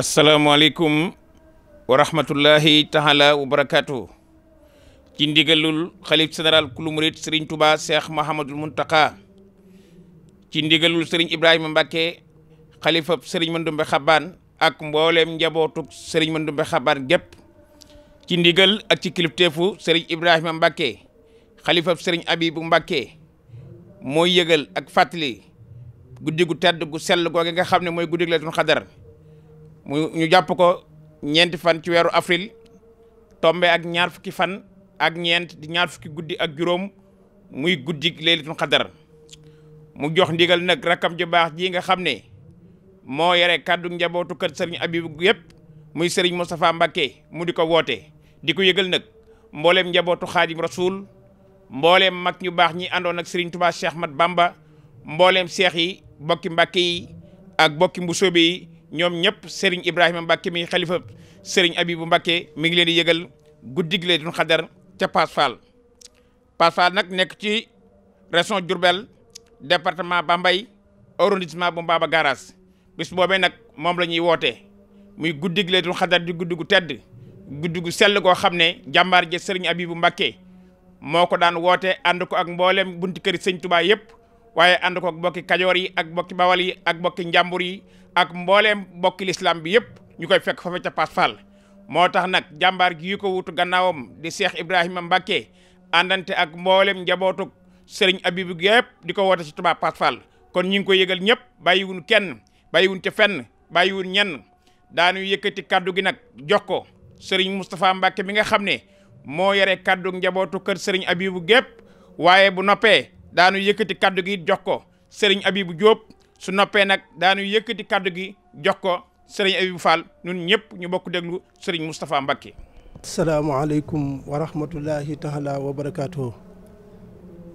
asalaamaaleykum wa rahmatullahi taala wa barakaatu ci ndigalul xalif général kulu murit sëriñ Touba Cheikh Muntaka ci ndigalul sëriñ Ibrahima Mbacke xalifab sëriñ Mandumbe Xabaan ak mbooleem njabootug sëriñ Mandumbe Xabaan gépp ci ndigal ak ci kilifteefu sëriñ Ibrahima Mbacke xalifab sëriñ Abibu Mbacke mooy yëgal ak fàttali guddi gu tedd gu sell googe nga xam ne mooy guddi la tun xadar mu ñu jàpp ko ñeent fan ci weeru avril tombe ak ñaar fukki fan ak ñeent di ñaar fukki guddi ak juróom muy guddi laylatul xadar mu jox ndigal nag rakkam ju baax jii nga xam ne moo yore kàddu njabootu kër sëriñ Abibu yëpp muy sëriñ Moustapha Mbacké mu di ko woote di ko yëgal nag mbooleem njabootu xaadim rasul mbooleem mag ñu baax ñi àndoon ak sëriñ Touba Cheikh Mat Bamba mbooleem seex yi bokki Mbacké yi ak bokki mbusoobe yi ñoom ñëpp Serigne Ibrahima Mbacke mi xalifa Serigne Abibou Mbacke mi ngi leen di yëgal guddig Laylatul Qadr ca Passe Fall nag nekk ci région Diourbel département mbay arrondissement bu Mbaba Garage bis boobee nag moom la ñuy woote muy guddig Laylatul Qadr di guddi gu tedd guddi gu sell koo xam ne jàmbaar ja Serigne Abibou Mbacke moo ko daan woote ànd ko ak mboolem bunti këri Sëñ Touba yëpp. waaye ànd kook bokki kajoor yi ak bokki bawal ak bokki njàmbur yi ak mbooleem bokki lislaam bi yëpp ñu koy fekk fa fa ca Pass moo tax nag jàmbaar gi yu ko wutu gannaawam di Cheikh Ibrahima Mbacke àndante ak mbooleem njabootuk sëriñ Abibu gépp di ko woote ci Touba Pass Fall kon ñu ngi koy yëgal ñëpp bàyyiwun kenn bàyyiwun ca fenn bàyyiwun ñenn daanu yëkkati kaddu gi nag jox ko sëriñ Moustapha Mbacke mi nga xam ne moo yore kaddu njabootu kër sëriñ Abibu gépp waaye bu noppee daanu yëkkati kaddu gi jox ko sëriñ Abibu Diop su noppee nag daanu yëkkati kaddu gi jox ko sëriñ Abibu Fall ñun ñëpp ñu bokk déglu sëriñ Moustapha Mbacké. asalaamaaleykum wa rahmatullahi taala wa barakaatu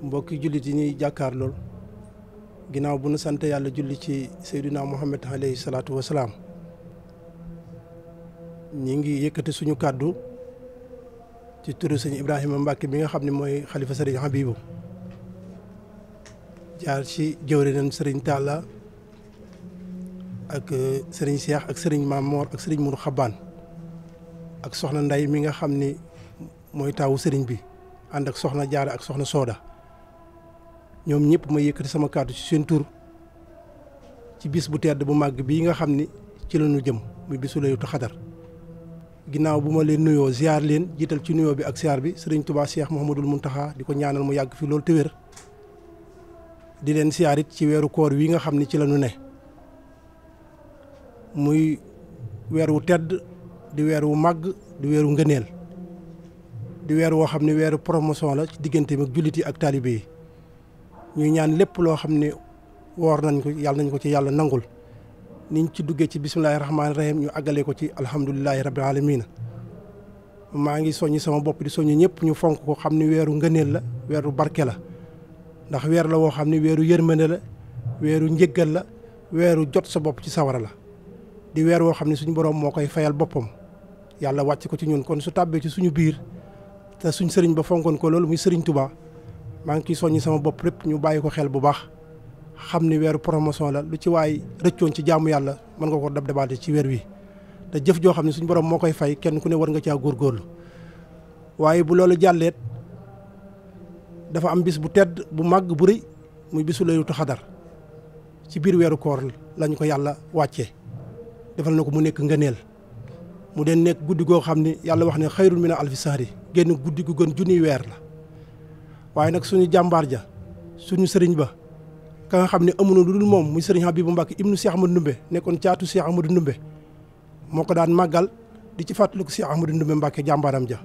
mbokki jullit yi ñuy jàkkaar lool ginnaaw bu nu sant yàlla julli ci Seydina Muhammad alayhi salaatu wa salaam ñi ngi yëkkati suñu kàddu ci turu suñu Ibrahima Mbacke bi nga xam ni mooy xalifa sëriñ Habibou jaar ci jëwriñam sëriñ tàlla ak euh, sëriñ Cheikh ak sëriñ Mamor ak sëriñ Mourou Xabaan ak soxna Nday mi nga xam ni mooy taawu sëriñ bi ànd ak soxna Jaara ak soxna Sooda ñoom ñëpp ma yëkkati sama kàddu ci seen tur ci bis bu tedd bu màgg bii nga xam ni ci la ñu jëm muy bisu Laylatul Qadr ginnaaw bu ma leen nuyoo ziar leen jiital ci nuyoo bi ak ziar bi sëriñ Touba Cheikh mun taxaa di ko ñaanal mu yàgg fi loolu te di leen siyaarit ci weeru koor wi nga xam ni ci la ne muy weer wu tedd di weer wu màgg di weeru ngëneel di weer woo xam ne weeru promotion la ci diggante ak jullit yi ak taalibe yi ñuy ñaan lépp loo xam ne woor nañ ko yàlla nañ ko ci yàlla nangul niñ ci duggee ci bisimilahi rahmaani rahim ñu àggalee ko ci alhamdulilahi rabbil alamin maa ngi soññi sama bopp di soññi ñëpp ñu fonk ko xam ni weeru ngëneel la weeru barke la ndax weer la woo xam ne weeru yërmande la weeru njëggal la weeru jot sa bopp ci sawara la di weer woo xam ne suñu borom moo koy fayal boppam yàlla wàcc ko ci ñun kon su tàbbee ci suñu biir te suñ sëriñ ba fonkoon ko loolu muy sëriñ Tuubaa maa ngi sama bopp lépp ñu bàyyi ko xel bu baax xam ni weeru promotion la lu ci waay rëccoon ci jaamu yàlla mën nga ko dab dabaate ci wi te jëf joo xam ne suñu borom moo koy fay kenn ku ne war nga caa góorgóorlu waaye bu loolu jàlleet dafa am bis bu tedd bu màgg bu rëy muy bisu laylatul xadar ci biir weeru koor lañu ko yàlla wàcce defal na ko mu nekk nga ngëneel mu den nekk guddi koo xam ne yàlla wax ne xayrun mina na sahri génn guddi gu gën junni weer la waaye nag suñu jàmbaar ja suñu sëriñ ba ka nga xam ne amuñu lu dul moom muy sëriñ Habibu Mbàkke ibnu ma Amadou Ndumbe nekkoon caatu Cheikh Amadou Ndumbe moo ko daan màggal di ci fàttaliku Cheikh Amadou Ndumbe Mbàkke jàmbaaram ja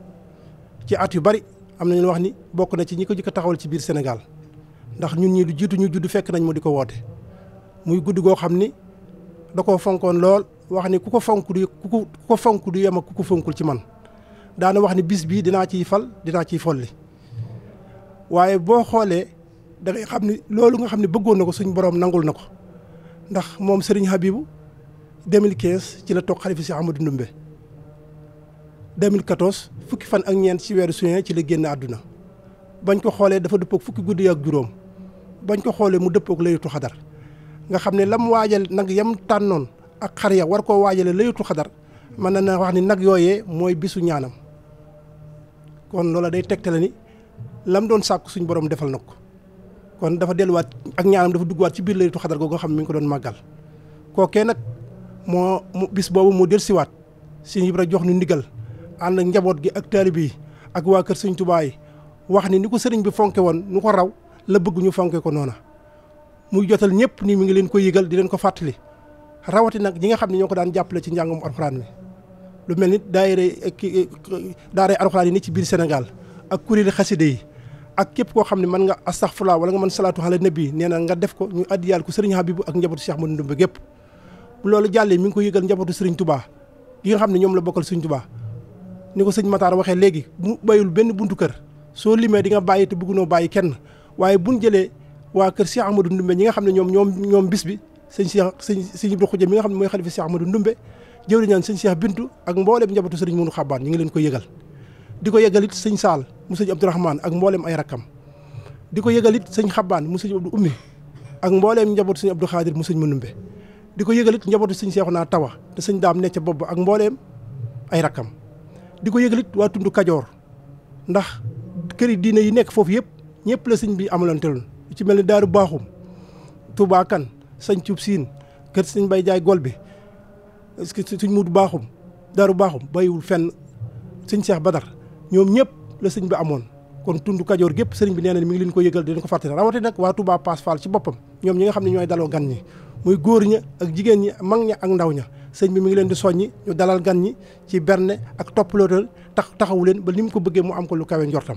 ci at yu bari am na ñu wax ni bokk na ci ñi ko jëkk taxawal ci biir Sénégal ndax ñun ñii lu jiitu ñu judd fekk nañ mu di ko woote muy gudd goo xam ni da ko fonkoon lool wax ni ku ko fonk du ku ko ku ko du yem ak ku ko fonkul ci man daana wax ni bis bii dinaa ciy fal dinaa ciy folli waaye boo xoolee da xam ni loolu nga xam ne bëggoon na ko suñ boroom nangul na ko ndax moom Serigne Habibou 2015 ci la toog xalifa si Amadou Ndoumbe 2014 fukki fan ak ñeent ci weeru juin ci la génn àdduna bañ ko xoolee dafa dëppook fukki guddi ak juróom bañ ko xoolee mu dëppook layutu xadar nga xam ne lam waajal nag yam tànnoon ak xar ya war koo waajale layutu xadar mën na na wax ni nag yooyee mooy bisu ñaanam kon loola day tegtale ni lam doon sàkku suñ borom defal na ko kon dafa delluwaat ak ñaanam dafa duggaat ci biir layutu xadar googu nga xam ne mi ngi ko doon màggal kooke nag moo bis boobu moo dellusiwaat Sëñ Ibra jox ñu ndigal ànd ak njaboot gi ak taalibe yi ak waa kër sëñ Tuubaa yi wax ni ni ko sëriñ bi fonke woon nu ko raw la bëgg ñu fonke ko noona muy jotal ñëpp nii mu ngi leen ko yëgal di leen ko fàttali rawati nag ñi nga xam ne ñoo ko daan jàppale ci njàngum alxuraan mi lu mel ni daayira daara alxuraan yi ni ci biir Sénégal ak kuréeli xaside yi ak képp koo xam ne mën nga astaxfurlaa wala nga mën salaatu ala nabi nee na nga def ko ñu addiyaal ko sëriñ Habibu ak njabootu Cheikh Mouhamadou Ndumbe gépp bu loolu jàllee mi ngi ko yëgal njabootu sëriñ Touba nga xam ne ñoom la bokkal sëriñ Touba ni ko sëñ Matar waxee léegi bu bayul benn buntu kër soo limee di nga bàyyi te noo bàyyi kenn waaye buñ jëlee waa kër Cheikh Amadou Ndoumbé ñi nga xam ne ñoom ñoom ñoom bis bi sëñ Cheikh sëñ sëñ Ibra Xuja mi nga xam ne mooy xalifa Cheikh Amadou Ndoumbé jëw ñaan sëñ Cheikh Bintu ak mbooleem njabootu sëriñ Munu Xabaan ñi ngi leen ko yëgal di ko yëgal sëñ Saal mu sëñ Abdourahman ak mbooleem ay rakkam di ko yëgal it sëñ Xabaan mu sëñ Abdou Ummi ak mbooleem njabootu sëñ Abdou Xaadir mu sëñ Manumbe di ko yëgal it njabootu sëñ Seexuna Tawa te sëñ Daam ne ca bopp ak mbooleem ay rakkam di ko yëgalit waa tundu kajoor ndax këri diine yi nekk foofu yëpp ñëpp la sëñ bi lu ci mel ni daaru baaxum Touba kan sañ cub siin kër sëñ bay jaay gol bi suñ mut baaxum daaru baaxum bàyyiwul fenn sëñ seex badar ñoom ñëpp la sëñ bi amoon kon tund kajoor gépp sëriñ bi nee na mi ngi leen ko yëgal dina ko fàttali rawati nag waa Touba Passe Fall ci boppam ñoom ñi nga xam ne ñooy daloo gan ñi muy góor ña ak jigéen ñi mag ña ak ndaw ña sëñ bi mu ngi leen di soññi ñu dalal gan ñi ci berne ak toppalootal tax taxawu leen ba ni mu ko bëggee mu am ko lu kawe njortam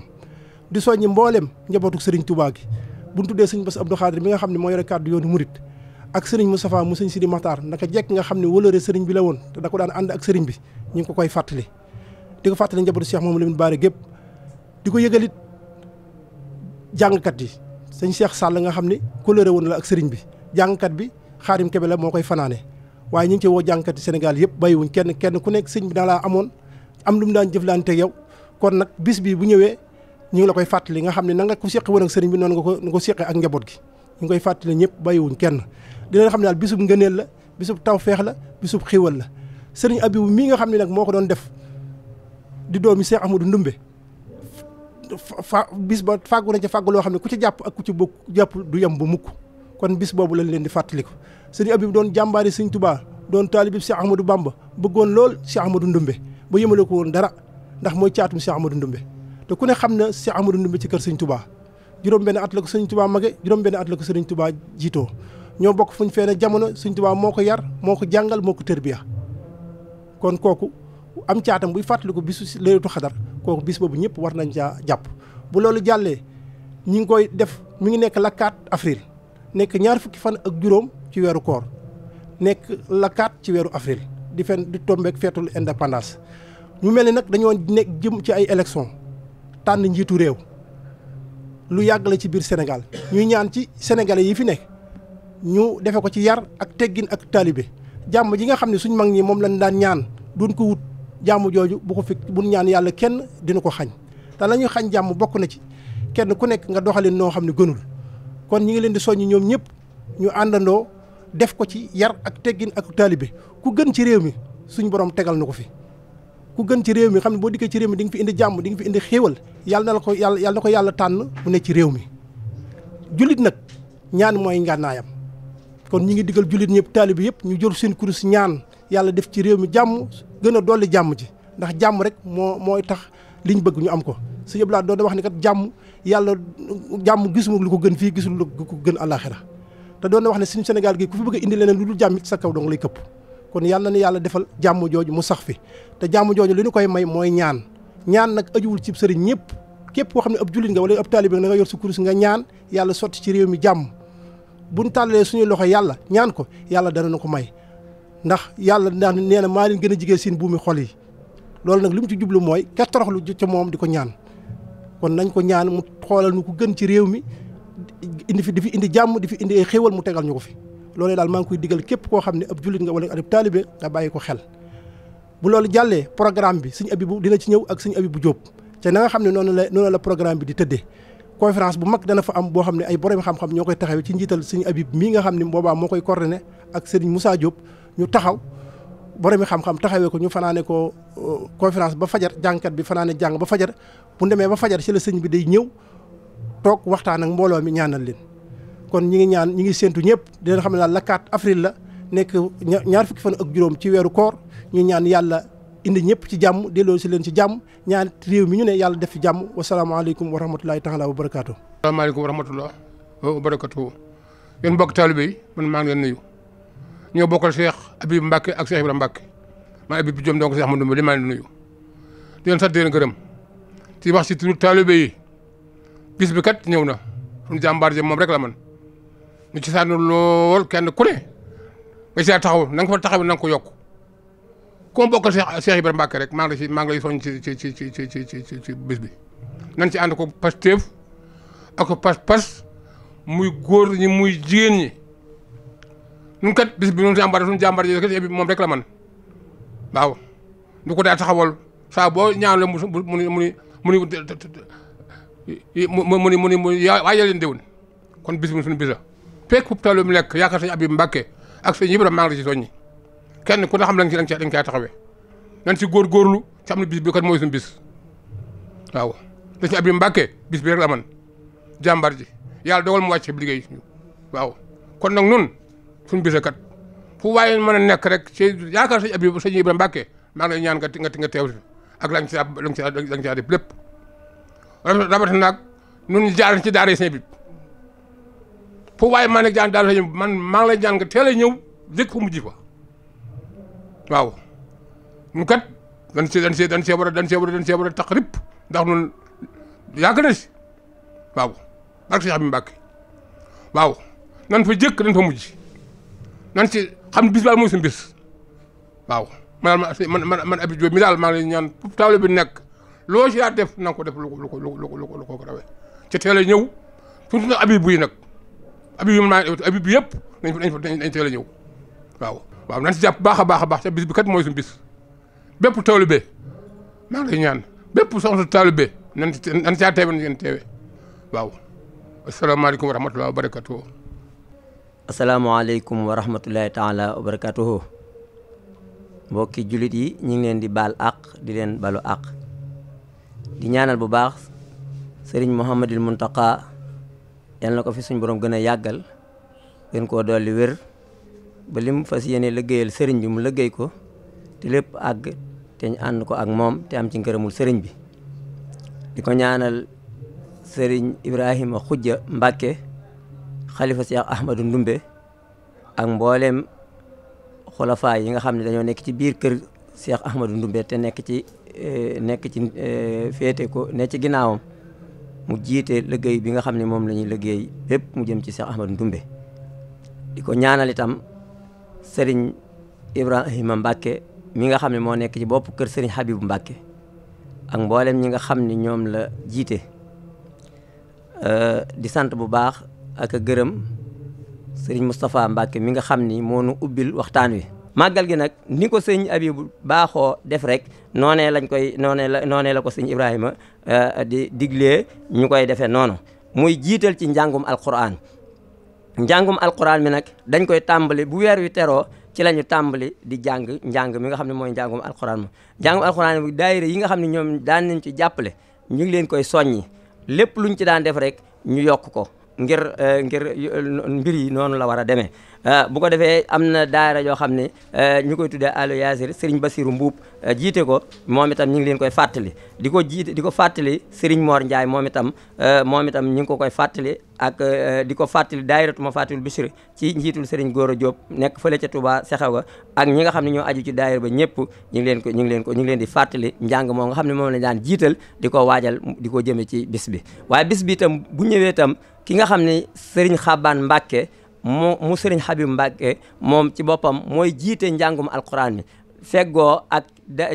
di soññi mbooleem njabootu sëriñ Touba gi bu ñu tuddee sëñ Bass Abdou Khadre mi nga xam ne moo yore kàddu yoonu murit ak sëriñ Moustapha mu sëñ Sidi Makhtar naka jekk nga xam ne wëlëre sëriñ bi la woon te da ko daan ànd ak sëriñ bi ñu ngi ko koy fàttali di ko fàttali njabootu seex moom Lamine Bara gépp di ko yëgalit jàngkat yi sëñ Cheikh Sall nga xam ne wëlëre woon la ak sëriñ bi jàngkat bi xaarim kebe la moo koy fanaane waaye ñu ngi ci woo jànkati Sénégal yëpp bàyyiwuñ kenn kenn ku nekk sëñ bi daa laa amoon am lu mu daan jëflante ak yow kon nag bis bii bu ñëwee ñu ngi la koy fàttali nga xam ne na nga ko seqe woon ak sëriñ bi noonu nga ko nga ko seqe ak njaboot gi ñu ngi koy fàttali ñëpp bàyyiwuñ kenn di leen xam ne daal bisub ngëneel la bisub feex la bisub xiwal la sëriñ Abibu mii nga xam ne nag moo ko doon def di doomi Cheikh Ahmadou Ndumbe fa bis ba fàggu na ca fàggu loo xam ne ku ci jàpp ak ku ci bokk jàpp du yem bu mukk kon bis boobu lañ leen di fàttaliku sëriñ Abib doon jàmbaari sëñ Touba doon taalibib Cheikh Ahmadou Bamba bëggoon lool Cheikh Ahmadou Ndoumbé ba yëmale ko woon dara ndax mooy caatum Cheikh Ahmadou Ndoumbé te ku ne xam ne Cheikh Ahmadou Ndoumbé ci kër sëñ Touba juróom benn at la ko sëñ tubaa mage juróom benn at la ko sëriñ Touba jiitoo ñoo bokk fuñ ne jamono sëñ Touba moo ko yar moo ko jàngal moo ko tërbiya kon kooku am caatam buy fàttaliku bisu Laylatul Qadr kooku bis boobu ñëpp war nañ caa jàpp bu loolu jàllee ñi ngi koy def mi ngi nekk la 4 nekk ñaar fukki fan ak juróom ci weeru koor nekk la 4 ci weeru avril di fen di tombeek feetul indépendance ñu mel ni nag dañoo nekk jëm ci ay élection tànn njiitu réew lu yàgg la ci biir Sénégal ñuy ñaan ci sénégalais yi fi nekk ñu defe ko ci yar ak teggin ak taalibe jàmm ji nga xam ne suñ mag ñi moom lañ daan ñaan duñ ko wut jàmm jooju bu ko fi buñ ñaan yàlla kenn dina ko xañ te lañuy xañ jàmm bokk na ci kenn ku nekk nga doxalin noo xam ne gënul kon ñi ngi leen di soññ ñoom ñëpp ñu àndandoo def ko ci yar ak teggin ak taalibe ku gën ci réew mi suñ borom tegal na ko fi ku gën ci réew mi xam ne boo dikkee ci réew mi di nga fi indi jàmm di fi indi xéewal yàlla ko yàlla yàlla ko yàlla tànn mu ne ci réew mi jullit nag ñaan mooy ngànnaayam kon ñi ngi digal jullit ñëpp taalibe yëpp ñu jël seen ñaan yàlla def ci réew mi jàmm gën a dolli jàmm ji ndax jàmm rek moo mooy tax liñ bëgg ñu am ko su yëpp laa doon wax ni kat jàmm yàlla jàmm gisuma lu ko gën fii gisuma lu ko gën àllaaxira te doon na wax ne suñu Sénégal gi ku fi bëgg a indi leneen lu dul jàmm sa kaw dong lay këpp kon yàlla na yàlla defal jàmm jooju mu sax fi te jàmm jooju li ñu koy may mooy ñaan ñaan nag ajuwul cib sëriñ ñëpp képp koo xam ne ab jullit nga wala ab taalibe nga nga yor sa kurus nga ñaan yàlla sotti ci réew mi jàmm bu buñ tàllalee suñuy loxo yàlla ñaan ko yàlla dana na ko may ndax yàlla ndax nee na maa leen gën a jigee seen buumi xol yi loolu nag li mu ci jublu mooy kat toroxlu ca moom di ko ñaan kon nañ ko ñaan mu xoolal nu ko gën ci réew mi indi fi di fi indi jàmm di fi indi ay xéewal mu tegal ñu ko fi loolee daal maa ngi koy digal képp koo xam ne ab jullit nga wala ab taalibe nga bàyyi ko xel bu loolu jàllee programme bi suñu abi bu dina ci ñëw ak suñu abi bu jóob te nanga xam ne noonu la noonu la programme bi di tëddee conférence bu mag dana fa am boo xam ne ay borom xam-xam ñoo koy taxawee ci njiital suñu abib mii nga xam ne boobaa koy coordonné ak sëriñ Moussa Diop ñu taxaw borom xam-xam taxawee ko ñu fanaane ko euh, conférence ba fajar jàngkat bi fanaane jàng ba fajar bu demee ba fajar ci la sëñ bi day ñëw toog waxtaan ak mbooloo mi ñaanal leen kon ñi ngi ñaan ñi ngi séntu ñëpp di xam ne daal la la nekk ñaar fukki fan ak juróom ci weeru koor ñu ñaan yàlla indi ñëpp ci jàmm delloo si leen ci jàmm ñaan réew mi ñu ne yàlla def ci jàmm wasalaamaaleykum wa rahmatulahi taala wa barakaatu. asalaamaaleykum wa wa barakaatu. yéen mbokk taalibe yi man maa ngi leen nuyu ñoo bokkal Cheikh Habib Mbacke ak Cheikh Ibrahima Mbacke maa Habib Diome donc Cheikh Ahmadou Mbacke maa ngi leen nuyu di leen sant di bis bi kat ñëw na suñu jàmbaar ji moom rek la man ñu ci sànnu lool kenn ku ne nga ci taxaw na nga taxaw na ko yokk koo bokkal Cheikh Cheikh Ibrahima Mbacké rek maa ngi lay maa ngi lay soññ ci ci ci ci ci ci bis bi. nañ ci ànd ko Pastef ak ko pas-pas muy góor ñi muy jigéen ñi ñun kat bis bi ñun jàmbaar suñu jàmbaar ji kat moom rek la man waaw du ko daa taxawal saboo boo ñaanale mu mu mu mu mu mu mu yaa waajal leen kon bis bi suñu bis la fekk fu taalum nekk yaakaar sëñ Abib Mbàkke ak sëñ Ibra maa ngi la ci kenn ku ne xam la nga ci da nga cee taxawee nañ ci góorgóorlu ci am na bis bi kat mooy suñu bis waaw da ci Abib Mbàkke bis bi rek la man jàmbar ji yàlla dogal mu wàcc bi liggéey waaw kon nag nun suñu bis kat fu waaye nekk rek ci yaakaar sëñ Abib sëñ Ibra Mbàkke maa ngi lay nga nga teew si ak la nga ci la lépp rawatina ak ñun jaar ci daara sëñ bi fu waaye maa nekk jaan daara sëñ man maa ngi lay ñaan nga teel ñëw jëkk fu mujj fa waaw ñun kat dañ see dañ see dañ see war a dañ see war ndax ñun yàgg na si waaw ak Cheikh bi Mbacke waaw nan fa jëkk nan fa mujj nan si xam bis baa mooy suñu bis waaw man man man Habib Diop mi fu table bi nekk. loo ci def na ko def lu ko lu ko lu ko lu ko lu ci teel a ñëw surtout nag abib yi nag abib yi naa abib yëpp nañ fa nañ teel a ñëw waaw. waaw nañ ci jàpp baax a baax a baax te bis bi kat mooy suñu bis bépp taalibe maa ngi lay ñaan bépp soxna taalibe nañ ci nañ caa teewe ngeen teewe waaw. asalaamaaleykum wa rahmatulah wa barakatuhu. wa rahmatulahi taala wa barakatuhu mbokki jullit yi ñu ngi leen di baal àq di leen balu àq. di ñaanal bu baax sëriñ Mouhamadul Mountakha yal na ko fi suñ borom gën a yàggal gën koo dolli wér ba li mu fas yéene liggéeyal sëriñ bi mu liggéey ko te lépp àgg te ñu ànd ko ak moom te am ci ngërëmul sëriñ bi di ko ñaanal sëriñ Ibrahima Khoudia Mbacke xalifa Cheikh Ahmadou Ndumbe ak mboolem xulafaa yi nga xam ne dañoo nekk ci biir kër Cheikh Ahmadou Ndumbe te nekk ci Eh, nekk ci eh, féete ko ne ci ginnaawam mu jiite liggéey bi nga xam ne moom la ñuy liggéey bépp mu jëm ci Cheikh Ahmadou Ndoumbé di ko ñaanal itam sëriñ Ibrahima Mbacke mi nga xam ne moo nekk ci bopp kër sëriñ Habibou Mbacke ak mboolem ñi nga xam ni ñoom la jiite eh, di sant bu baax ak gërëm sëriñ Moustapha Mbacke mi nga xam ni moo nu ubbil waxtaan wi màggal gi nag ni ko sëñ Abibu baaxoo def rek noonee lañ koy noonee la noonee la ko sëñ Ibrahima euh, di diglee ñu koy defee noonu muy jiital ci njàngum alquran njàngum alquran mi nag dañ koy tàmbali bu weer wi teroo ci la ñu tàmbali di jàng njàng mi nga xam ne mooy njàngum alquran ma njàngum alquran bi daayira yi nga xam ne ñoom daan nañ ci jàppale ñu ngi leen koy soññi lépp luñ ci daan def rek ñu yokk ko ngir euh, ngir euh, mbir yi noonu la war a demee Ah, bu ko defee am na daara joo xam ne eh, ñu koy tuddee Allo Yaasir Serigne Bassirou Mbuub eh, jiite ko moom itam ñu ngi leen koy fàttali di ko jiite di ko fàttali Serigne Mor Ndiaye moom itam eh, moom itam ñu ngi ko koy fàttali ak di ko fàttali daayiratu ma fàttali Bichri ci njiitul Serigne Gora nekk fële ca Touba Sexew ga ak ñi nga xam ne ñoo aju ci daayira ba ñëpp ñu ngi leen ko ñu ngi leen ko ñu ngi leen di fàttali njàng moo nga xam ne moom lañ daan jital di ko waajal di ko jëme ci bis bi waaye bis bi itam bu ñëwee itam ki nga xam ne Serigne Xabaan Mbàkke mu mu sëriñ Habib Mbacke moom ci boppam mooy jiite njàngum alquran mi feggoo ak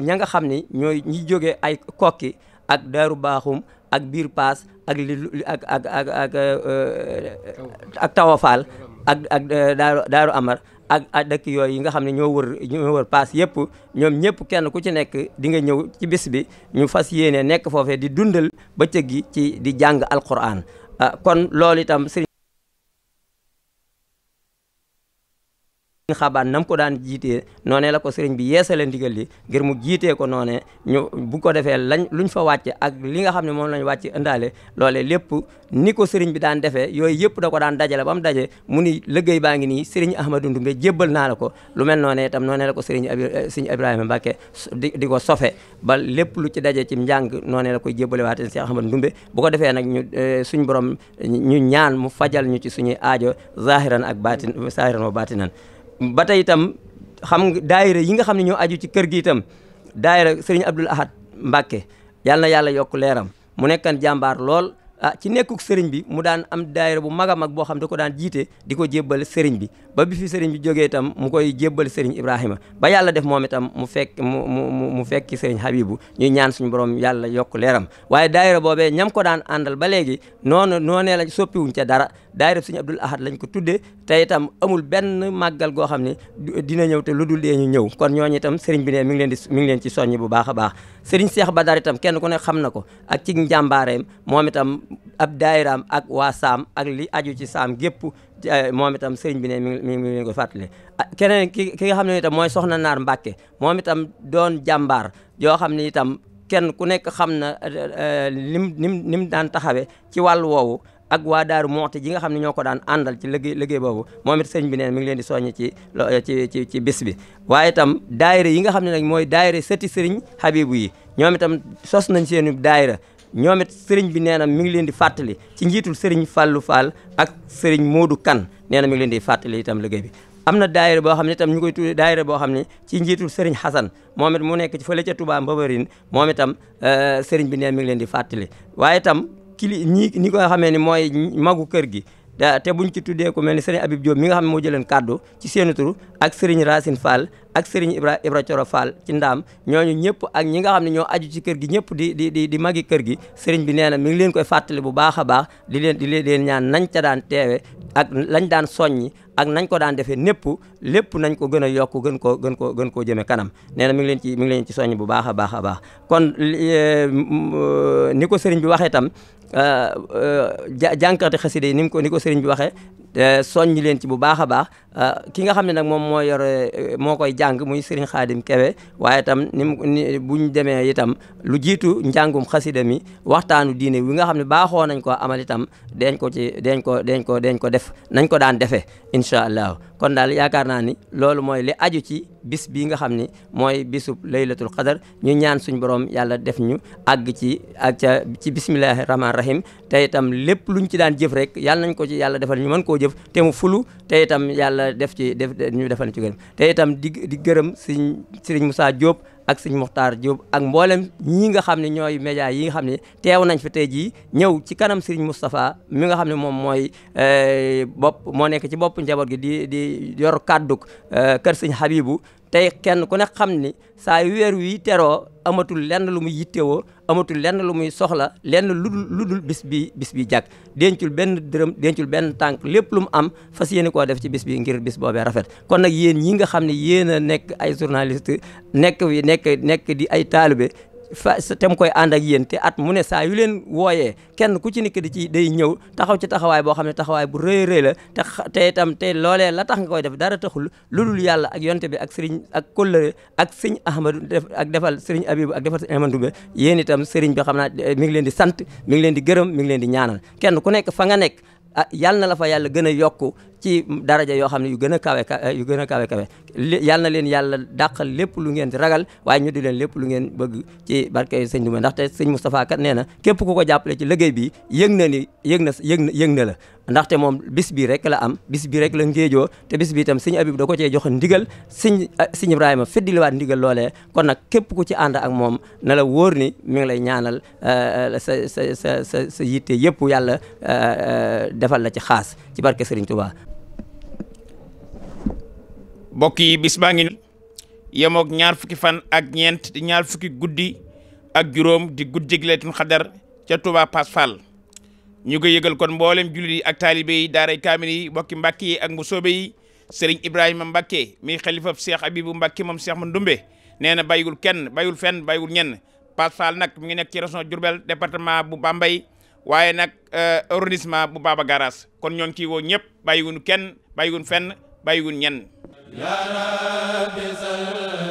ña nga xam ni ñooy ñi jóge ay kokki ak daaru baaxum ak biir paas ak li ak ak ak ak euh, ak ak ak euh, daaru daaru amar ak ak yooy yi nga xam ne ñoo wër paas yëpp ñoom ñëpp kenn ku ci nekk di nga ñëw ci bis bi ñu fas yéene nekk foofe di dundal bëccëg gi ci di jàng alquran ah, kon loolu itam xabaan nam ko daan jiitee noonee la ko sëriñ bi yeesale ndigal li ngir mu jiite ko noonee ñu bu ko defee lañ luñ fa wàcce ak li nga xam ne moom lañ wàcce indaale loole lépp ni ko sëriñ bi daan defee yooyu yëpp da ko daan dajale ba mu daje mu ni liggéey baa ngi nii sëriñ Ahmadou Ndoumbé jébbal naa la ko lu mel noonee itam noonee la ko sëriñ eh, sëriñ Ibrahima Mbacke di di ko sofe ba lépp lu ci daje ci njàng noonee la koy jébbale waate sëriñ Ahmadou Ndoumbé bu ko defee nag ñu eh, suñ borom ñu ñaan mu fajal ñu ci suñuy aajo zahiran ak baatin zahiran wa baatinan ba tey itam xam daayira yi nga xam ne ñoo aju ci kër gi itam daayira sëriñ Abdul Ahad mbake yàlla na yàlla yokk leeram mu nekkan jàmbaar lool a ah, ci nekkuk sëriñ bi mu daan am daayira bu mag a mag boo xam da ko daan jiite di ko jébbal sëriñ bi ba bi fi sëriñ bi jógee itam mu koy jébbal sëriñ Ibrahima ba yàlla def moom itam mu fekk mu mu mu fekki sëriñ Habibu ñuy ñaan suñu borom yàlla yokk leeram waaye daayira boobee ñam ko daan àndal ba léegi noonu noonee lañ soppiwuñ ca dara daayira suñu Abdul Ahad lañ ko tuddee te itam amul benn màggal goo xam ne dina ñëw ta lu dul dee ñu ñëw kon ñooñu itam sëriñ bi ne mi ngi leen di mi ngi leen ci soññ bu baax a baax sëriñ Seex Badar itam kenn ku ne xam na ab daayiraam ak waa saam ak li aju ci saam gépp eh, moom itam sëriñ bi ne mi ngi ko fàttali ah, keneen ki ki nga xam ne itam mooy soxna naar Mbàkke moom itam doon jàmbaar yoo xam ne itam kenn ku nekk xam na eh, lim nim nim daan taxawee ci wàllu woowu ak waa daaru moxti ji nga xam ne ñoo ko daan àndal ci liggéey liggéey boobu moom it sëñ bi neen mi ngi leen di soññ ci ci ci ci bis bi waaye itam daayira yi nga xam ne nag mooy daayira sëti sëriñ Habibu yi ñoom itam sos nañ seenu daayira ñoom it sëriñ bi nee na mi ngi leen di fàttali ci njiitul sëriñ Fallou Fall ak sëriñ Modou kan nee na mi ngi leen di fàttali itam liggéey bi am na daayira boo xam ne itam ñu koy tuddee daayira boo xam ne ci njiitul sëriñ Xasan moom it mu nekk ci fële ca Touba Mbabarine moom itam euh, sëriñ bi nee na mi ngi leen di fàttali waaye itam kili ñi ñi ko xamee ni mooy magu kër gi te buñ ci tuddee ku mel ni sëriñ Habib Diop mi nga xam ne jëleen kàddu ci seeni tur ak sëriñ Racine Fall ak sëriñ Ibra Ibra Coro Fall ci ndaam ñooñu ñëpp ak ñi nga xam ne ñoo aju ci kër gi ñëpp di di di di magi kër gi sëriñ bi nee na mi ngi leen koy fàttali bu baax a baax di leen di leen ñaan nañ ca daan teewe ak lañ daan soññi ak nañ ko daan defee népp lépp nañ ko gën a yokk gën koo gën koo gën koo jëmee kanam nee na ngi leen ci mi ngi leen ci soññ bu baax a baax a baax kon eh, ni ko sëriñ bi waxee tam Euh, euh, jànkati xasida yi ni mu ko ni ko sëriñ bi waxee Eh, soññ leen ci bu baax a baax eh, ki nga xam ne nag moom moo yore moo koy jàng muy Serigne Khadim Kebe waaye tam ni mu buñ demee itam lu jiitu njàngum xasida mi waxtaanu diine wi nga xam ne baaxoo nañ ko amal itam deñ ko ci deñ ko deñ ko deñ ko def nañ ko daan defee incha allah kon daal yaakaar naa ni loolu mooy li aju ci bis bii nga xam ni mooy bisub laylatul qadar ñu ñaan suñ borom yàlla def ñu agg ci ak ci bismillahi rahmaani rahim te itam lépp luñ ci daan jëf koo jëf te mu fulu te itam yàlla def ci def ñu defal ci gërëm te itam di di gërëm sëñ sëriñ Moussa ak sëñ Muxtaar Diop ak mboolem ñi nga xam ne ñooy média yi nga xam ne teew nañ fi tey jii ñëw ci kanam sëriñ Moustapha mi nga xam ne moom mooy euh, bopp moo nekk ci bopp njaboot gi di di yor kàdduk euh, kar sëñ Habibu tey kenn ku ne xam ni saa yu weer wi teroo amatul lenn lu muy yittewoo amatul lenn lu muy soxla lenn lu dul lu dul bis bi bis bi jàkk dencul benn dërëm dencul benn tànk lépp lu mu am fas yéene koo def ci bis bi ngir bis boobee rafet kon nag yéen ñi nga xam ne yéen a nekk ay journaliste nekk wi nekk nekk di ay taalibe fa te koy ànd ak yéen te at mu ne saa yu leen wooyee kenn ku ci nekk di ci day ñëw taxaw ci taxawaay boo xam ne taxawaay bu rëy rëy la te te itam te loolee la tax nga koy def dara taxul lu dul yàlla ak yonte bi ak sëriñ ak kóllëre ak sëñ Ahmadou def ak defal sëriñ Abibu ak defal sëriñ Ahmadou Be yéen itam sëriñ bi xam na eh, mi ngi leen di sant mi ngi leen di gërëm mi ngi leen di ñaanal kenn ku nekk fa nga nekk ah yàlla na la fa yàlla gën a yokk ci daraja yoo xam ne yu gën a kawe yu gën a kawe yal na leen yàlla dàqal lépp lu ngeen ragal waaye ñu di leen lépp lu ngeen bëgg ci barke sëñ Dumé ndaxte sëñ Moustapha kat nee na képp ku ko jàppale ci liggéey bi yëg na ni yëg na yëg na yëg na la ndaxte moom bis rek la am bis bi rek la ngéejoo te bis bi itam sëñ Abib da ko cee joxe ndigal sëñ ah, sëñ Ibrahima feddiliwaat ndigal loole kon nag képp ku ci ànd ak moom na la wóor ni mi ngi lay ñaanal eh, sa sa sa sa sa yitte yëpp yàlla eh, eh, defal la ci xaas ci barke Serigne Touba mbokk yi bis baa ngi yemook ñaar fukki fan ak ñeent di ñaar fukki guddi ak juróom di guddig Laylatul Qadr ca Touba Pass Fall ñu ko yëgal kon mboolem jullit yi ak taalibe yi daaray kaamil yi mbokki Mbàkke yi ak mbusoobe yi sëriñ Ibrahima Mbàkke mi xalifab Cheikh Abibu mbakki moom Cheikh Mandumbe nee na bàyyiwul kenn bàyyiwul fenn bàyyiwul ñenn Pass Fall nag mi ngi nekk ci région Diourbel département bu Bambey waaye nag euh, arrondissement bu Baba Garage kon ñoo ngi ciy woo ñëpp bàyyiwuñu kenn bàyyiwuñu fenn bàyyiwuñu ñenn ya rabbi